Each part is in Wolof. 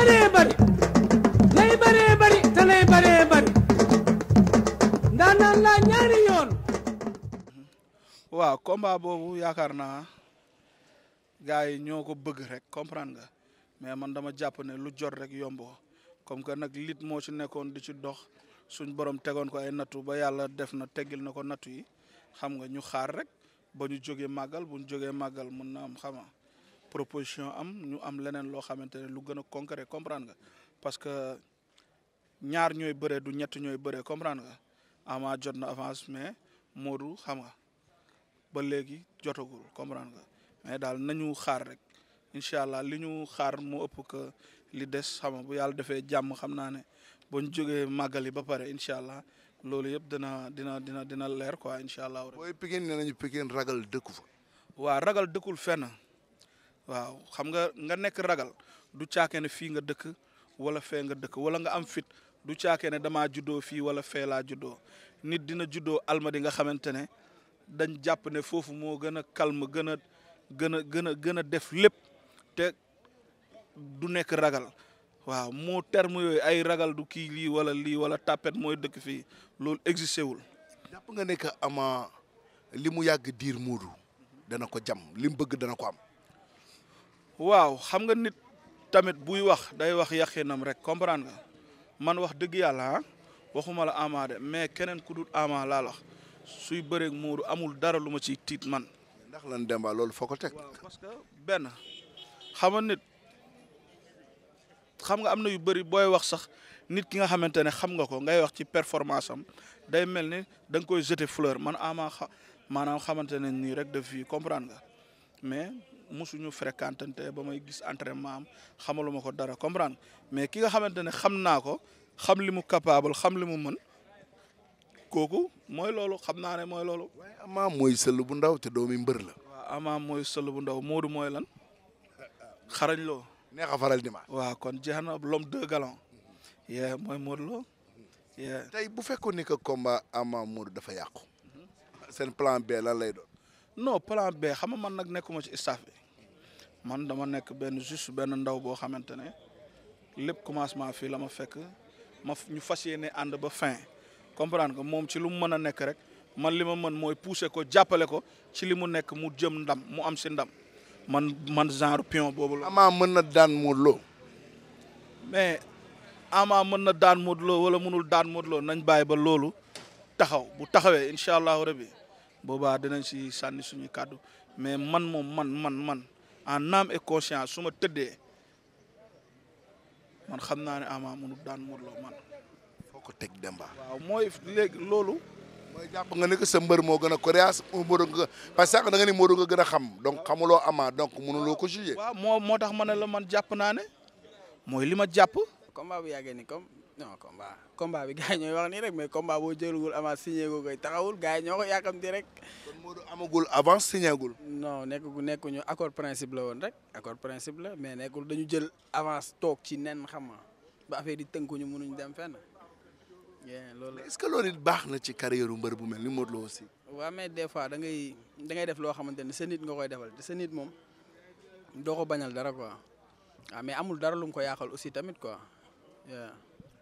bëree bare, lay bare, bëri te lay bare. bëri ndaanaan laa ñaari yoon waaw combat boobu yaakaar naa gars yi ñoo ko bëgg rek comprendre nga mais man dama jàpp ne lu jot rek yomboo comme que nag lit moo ci nekkoon di ci dox suñ borom tegoon ko ay nattu ba yàlla def na teggil na ko nattu yi xam nga ñu xaar rek ba ñu jógee màggal bu ñu jógee màggal na am xama proposition am ñu am leneen loo xamante ne lu gën a concret comprendre nga parce que ñaar ñooy bëree du ñett ñooy bëree comprendre nga Ama jot na avance mais Modou xam nga ba léegi jotagul comprendre nga mais daal nañu xaar rek incha allah li ñu xaar moo ëpp que li des xam bu yàlla defee jàmm xam naa ne bu ñu jógee màggal yi ba pare incha allah loolu yëpp dina dina dina dina leer quoi incha allah. booy Pikine nee nañu Pikine ragal dëkku fa. waa ragal dëkkul fenn. waaw xam nga nga nekk ragal du caakee ne fii nga dëkk wala fee nga dëkk wala nga am fit du caakee ne damaa juddoo fii wala fee laa juddoo nit dina juddoo almadi nga xamante ne dañ jàpp ne foofu moo gën a calme gën a gën a gën a gën a def lépp te du nekk ragal waaw moo terme yooyu ay ragal du kii lii wala lii wala tapet mooy dëkk fi loolu existé wul. jàpp nga nekk que li mu yàgg diir Modou dana ko jam li mu bëgg dana ko am. Wow, xam nga nit tamit buy wax day wax yàqinam rek comprendre nga man wax degi ala, ah, waxuma la amade, mais kenen kudut Ama la wax suy Modou amul dara luma ci tit man. ndax lan Demba lolou foko tek parce que xam nga nit xam nga amna yu beuri boy wax sax nit ki nga xamantene xam nga ko ngay wax ci performance am day mel ni koy jeter fleur man Ama manam xamantene ne rek de vie comprendre nga mais. mosuñu fréquentante ba may gis entraînement am xamaluma ko dara comprendre mais ki nga xamante ne xam naa ko xam li mu capable xam li mu mën kooku mooy loolu xam naa ne mooy loolu. waaye mooy sëll bu ndaw te doomi mbër la. waaw Ama mooy sëll bu ndaw Modou mooy lan xarañ loo. neex a faral di kon jeex na l'homme deux yee mooy Modou Lo. tey bu fekkoon ni que combat Ama Modou dafa yàqu. seen plan B lan lay doon. non plan B xam man nag nekkuma ci staff bi man dama nekk benn juste benn ndaw boo xamante ne lépp commencement fii la ma fekk ma ñu fas ne ànd ba fin comprendre que moom si lu mu mën a nekk rek man li ma mën mooy pousser ko jàppale ko ci li mu nekk mu jëm ndam mu am si ndam man man genre pion boobu la. Ama mën na daan Modou Lo. mais Ama mën na daan Modou wala mënul daan Modou nañ bàyyi ba loolu taxaw bu taxawee incha allahu rabi boobaa dinañ si sànni suñu kàddu mais man moom man man man. en âme et conscience su ma tëddee man xam naa ne Ama ah, mënul daan Modou Lo man. foo ko teg Demba. waaw mooy léegi loolu. mooy jàpp nga ne que sa mbër moo gën a coriace Modou nga parce que da nga ni Modou gën a xam donc xamuloo Ama donc mënuloo ko jugé. waaw moo moo tax ma ne la man jàpp naa ne mooy li ma jàpp. combat bu yàggee ni comme. non combat combat bi gars rek mais combat boo jëlagul avance signé ko koy taxawul gars yi ñoo ko yàkkamti rek. kon Modou amagul avance signé gul. nekku nekkuñu accord principe la woon rek accord principe la mais nekkul dañu jël avance toog ci nen xam nga ba affaire di ñu mënuñ dem fenn. loolu la est ce que loolu baax na ci carrière mbër bu mel ni Modou Lo aussi. waaw mais des fois ngay da ngay def loo xamante ne sa nit nga koy defal te sa moom doo ko bañal dara quoi waaw ah, mais amul dara lu mu ko yàqal aussi tamit quoi.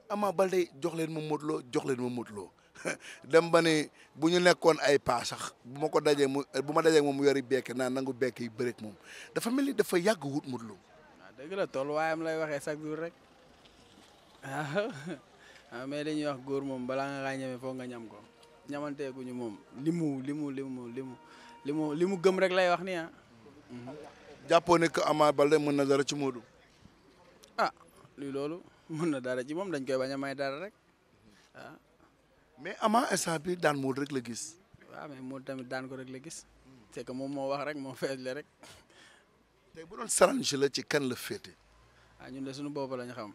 amaa Baldé jox leen ma Modou Lo jox leen ma Modou dem ba ni bu ñu nekkoon ay paa bu ma ko dajee mu bu ma dajee moom mu yori bekk naa nangu bekk yi bëreeg moom dafa mel ni dafa yàgg wut Modou Lo. waaw ah, dëgg la tolluwaayam lay waxee chaque jour rek waaw ah, mais dañuy wax góor moom balaa nga kaa nga ñam ko ñamanteeguñu moom li mu li mu li mu li li mu li mu gëm rek lay wax ni ah. jàppoo ne que Ama Baldé mën na ci Modou. ah luy loolu. mun na daara ci moom dañ koy bañ a may dara rek ah. mais ama instant daan Modou rek la gis. waaw mais tamit daan rek la gis. c'est moom moo wax rek moo fees le rek. tey bu doon challenge la ci kan la féete. ah ñun de suñu bopp lañ xam.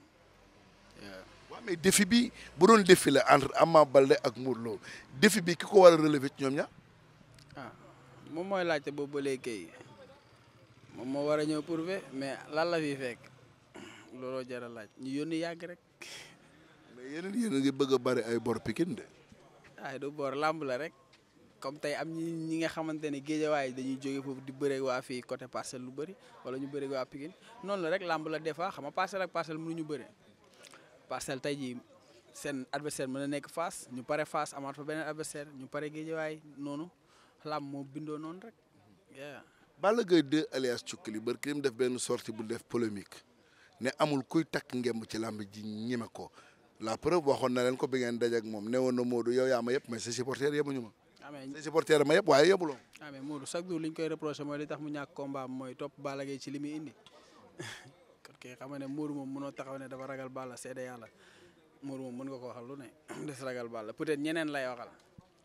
waaw mais défi bi bu doon défi la entre Ama Baldé ak Modou Lo défi bi ki ko war a relever ci ñoom ñaar. ah moom mooy laajte boobu ba moom moo war a ñëw prouver mais lan la fi fekk. looloo jar laaj. ñu yónni yàgg rek. mais yeneen yéen ngi bëgg a bari ay bor Pikine de. ay du bor làmb la rek comme tey am ñi ñi nga xamante ne géejawaay dañuy jóge foofu di bëre waa fii côté parcelle lu bëri wala ñu bëre waa Pikine noonu la rek làmb la des fois xam nga parcelle ak parcelle mënuñu bëre parcelle tey jii seen adversaire mën a nekk face ñu pare face amaat fa beneen adversaire ñu pare géejawaay noonu làmb moo bindoo noonu rek. Balla Gaye 2 alias Cukkili bër ki mu def benn sortie bu def polémique. ne amul kuy takk ngemb ci làmb ji ñime ko la preuve waxoon na leen ko bi ngeen dajeeg moom ne woon na Modou yow yaa ma yëpp mais sa supporter yemuñu ma. amee sa supporter ma yëpp waaye yebuloo. amee Modou chaque jour li ñu koy mooy li tax mu ñàkk combat mooy topp Balla Gaye ci li muy indi kon kay xam nga ne Modou moom mënoo taxaw ne dafa ragal bala seede yàlla Modou moom mën nga ko waxal lu ne des ragal Balla peut-être ñeneen lay waxal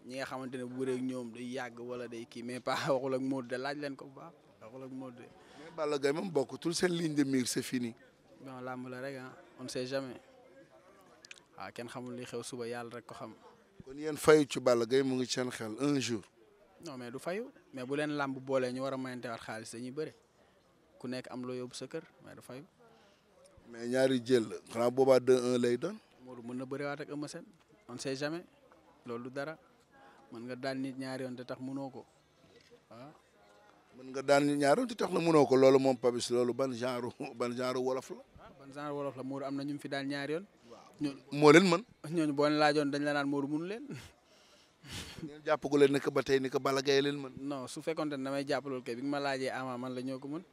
ñi nga xamante ne bu bëreeg ñoom day yàgg wala day kii mais pas waxul ak Modou de laaj leen ko bu baax waxul ak Modou de. mais Balla Gaye moom bokkutul seen ligne de mire bon làmb la rek ah on sait jamais waaw ah, kenn xamul li xew suba yàlla rek ko xam. kon yéen fayu ci Balla Gaye mu ngi seen xel un jour. non mais du fayu mais bu leen làmb boolee ñu war a mayanteewaat xaalis dañuy bëri ku nekk am loo yóbbu sa kër mais du fayu. mais ñaari jël xanaa boobaa 2-1 lay doon. Modou mën na bëriwaat ak Eumeu Sène on sait jamais loolu dara mën nga daal nit ñaari yoon te tax mënoo ko ah. mën nga daan ñaar ci tax na mënoo ko loolu moom Papis loolu ban genre ban genre wolof la. ban genre wolof la Modou am na ñu mu fi daan ñaari yoon. ñooñu moo leen mën. ñooñu boo laajoon dañ la naan Modou mënu leen. ngeen jàpp ko leen ni que ba tey ni que Balla Gaye leen man non su fekkoon ne damay jàpp loolu kay bi ma laajee Ama man la ñoo ko mën.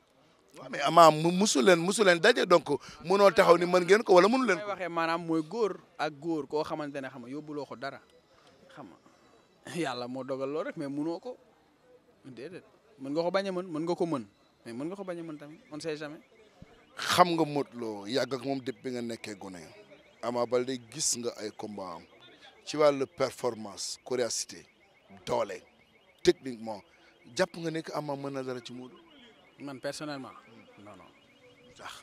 waaw mais Ama mu musu leen musu leen daje donc mënoo taxaw ni mën geen ko wala mënu leen ko. waxee maanaam mooy góor ak góor koo xamante ne xam nga yóbbuloo ko dara xam nga yàlla moo dogal loolu rek mais mënoo ko déedéet mën nga ko bañ a mën mën nga ko mën mais mën nga ko bañ mën tamit on sait jamais. xam nga motloo Lo yàgg ak moom depuis nga nekkee gone. Ama Baldé gis nga ay combat am ci wàllu performance curiosité doole techniquement jàpp nga nekk Ama mën a dara ci Modou. man personnellement. non non sax ah.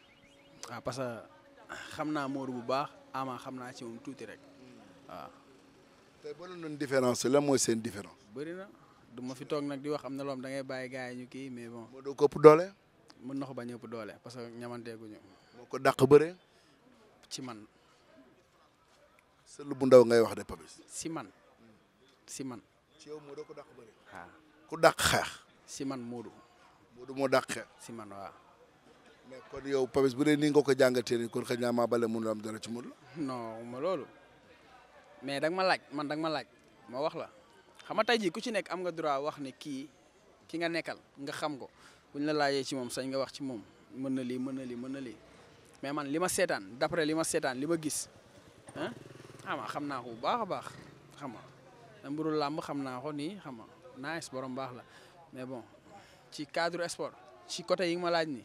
waaw ah, parce que xam naa Modou bu baax Ama xam naa ci moom tuuti rek waaw. te boo doon différence la mooy seen différence. du ma fi toog nag di wax am na loom dangay bàyyi gars yi ñu kii mais bon. moo doo ko ëpp doole. mën na ko bañ ëpp doole parce que ñu moo ko dàq bëre. ci man. sëlu bu ndaw ngay wax de Papis. si man si man. ci yow moo doo ko dàq bëre. waaw ah. ku dàq xeex. si man Moodu. Moodu moo dàq xeex. si man waaw. mais kon yow Papis bu dee nii nga ko jàngatee nii kon xëy na Ama Baldé mënul am dara ci Modou Lô. non ma loolu mais da ma laaj man da ma laaj ma wax la. xam nga tey jii ku ci nekk am nga droit wax ne kii ki nga nekkal nga xam ko buñ la laajee ci moom sañ nga wax ci moom mën na lii mën na lii mën na lii mais man li ma seetaan d'après li ma seetaan li ma gis ah xam naa ko bu baax a baax xam nga mbiru làmb xam naa ko nii xam naa nice borom baax la mais bon ci cadre sport ci côté yi nga ma laaj ni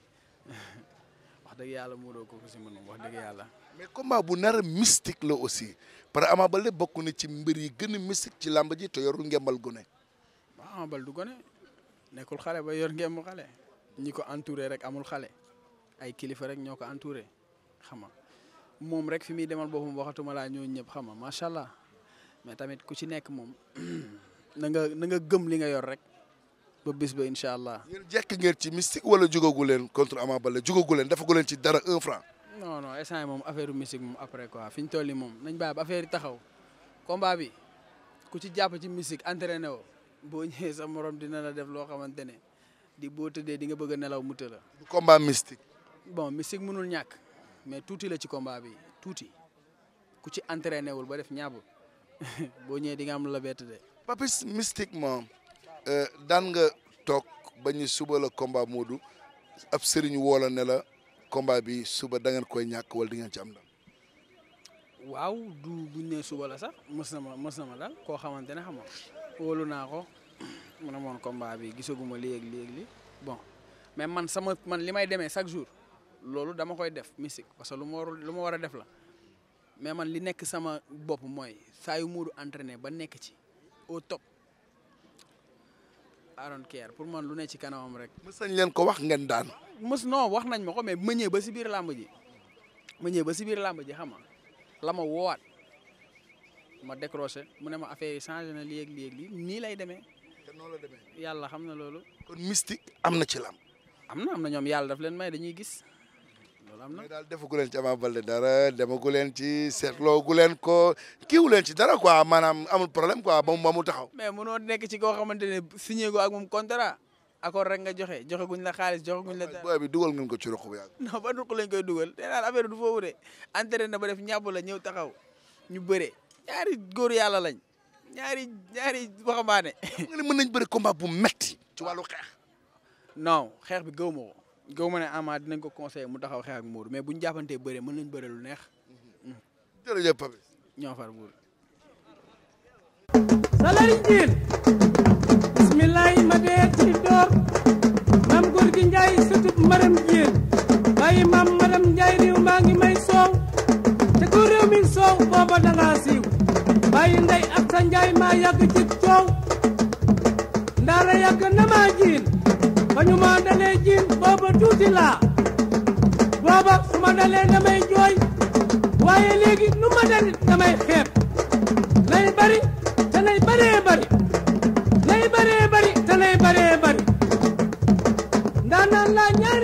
wax dëgg yàlla muuroo ko ko si mën wax dëgg yàlla mais combat bu nara a mystique la aussi parce que Ama Baldé bokk na ci mbir yi gën a mystique ci làmb ji te yorul ngembal gone. waaw ah, Ama Baldé du gone nekkul xale ba yor ngembu xale ñi ko entouré rek amul xale ay kilifa rek ñoo ko entouré xam nga moom rek fi muy demal boppam waxatuma laa ñoo ñëpp xam nga macha allah mais tamit ku ci nekk moom na nga na nga gëm li nga yor rek. ba bis ba incha allah. yéen jekk ngeen ci mystique wala jugagu leen contre Ama Baldé jugagu leen defagu leen ci dara un non non moom affaire musique moom après quoi fi ñu moom nañ bàyyi ba affaire taxaw combat bi ku ci jàpp ci musique entraîné woo boo ñëwee sa morom dina la def loo xamante ne di boo tëddee di nga bëgg nelaw mu tëla. du combat mystique. bon mystique mënul ñàkk mais tuuti la ci combat bi tuuti ku ci entraîné wul ba def ñaabul boo ñëwee di nga am la bett de. Papis mystiquement euh, daan nga toog ba ñu suba la combat Modou ab sëriñ combat bi suba da ngeen koy ñàkk wala di ngeen ci am ndam. du buñ ne suba la sax mës na ma ma daal koo xamante ne xam nga wóolu naa ko mu ne moon combat bi gisaguma léegi léegi li bon mais man sama man li may demee chaque jour loolu dama koy def mystique parce que lu ma warul ma war a def la mais man li nekk sama bopp mooy saa yu Modou entraîné ba nekk ci au I don't care pour man lu ne ci kanamam rek. mës nañ leen ko wax ngeen daan. mës non wax nañ ma ko mais mañee ñëw ba si biir làmb ji ma ñëw ba si biir làmb ji xam nga la ma woowaat ma décroché mu ne ma affaire yi changé na léegi léegi nii lay demee. te noonu la yàlla xam na loolu. kon mystique am na ci làmb. am na am ñoom yàlla daf may dañuy gis. loolu am na daal defagu leen ci Ama Baldé dara demagu leen ci seetloogu leen ko kiiwu leen ci dara quoi maanaam amul problème quoi ba mu mu taxaw. mais mënoo nekk ci koo xamante ne signé ko ak moom contrat accord rek nga joxe joxe guñ la xaalis joxe guñ la. dara booy bi dugal ngeen ko ci ruq bu yàgg. non ba ruq lañ koy dugal nee naa affaire du foofu de entraîné na ba def ñàbb la ñëw taxaw ñu bëre ñaari góor yàlla lañ ñaari ñaari waxambaane. nga mën nañ bëri combat bu metti ci wàllu xeex. non xeex bi gëw ma gaw ma ne ko conseiller mu taxaw xeex ak Modou bu ñu jàppantee bëree mën nañ bëre lu neex. Mm-hmm. jërëjëf ñoo far buur. jiin bismillahi ma dee ci door maam góor gi njaay sutub maram jiin bàyyi maam maram njaay réew maa ngi may soow te ku réew mi soow booba dangaa siiw bàyyi ndey ak sa njaay maa yàgg ci coow ndaara yàgg na maa jiin ba ñu ma dalee jiin booba tuuti laa booba su ma dalee damay jooy waaye léegi nu ma dalit damay xeeb lay bari te lay baree bari lay baree bari te lay baree bari ndaanaan laa ñaar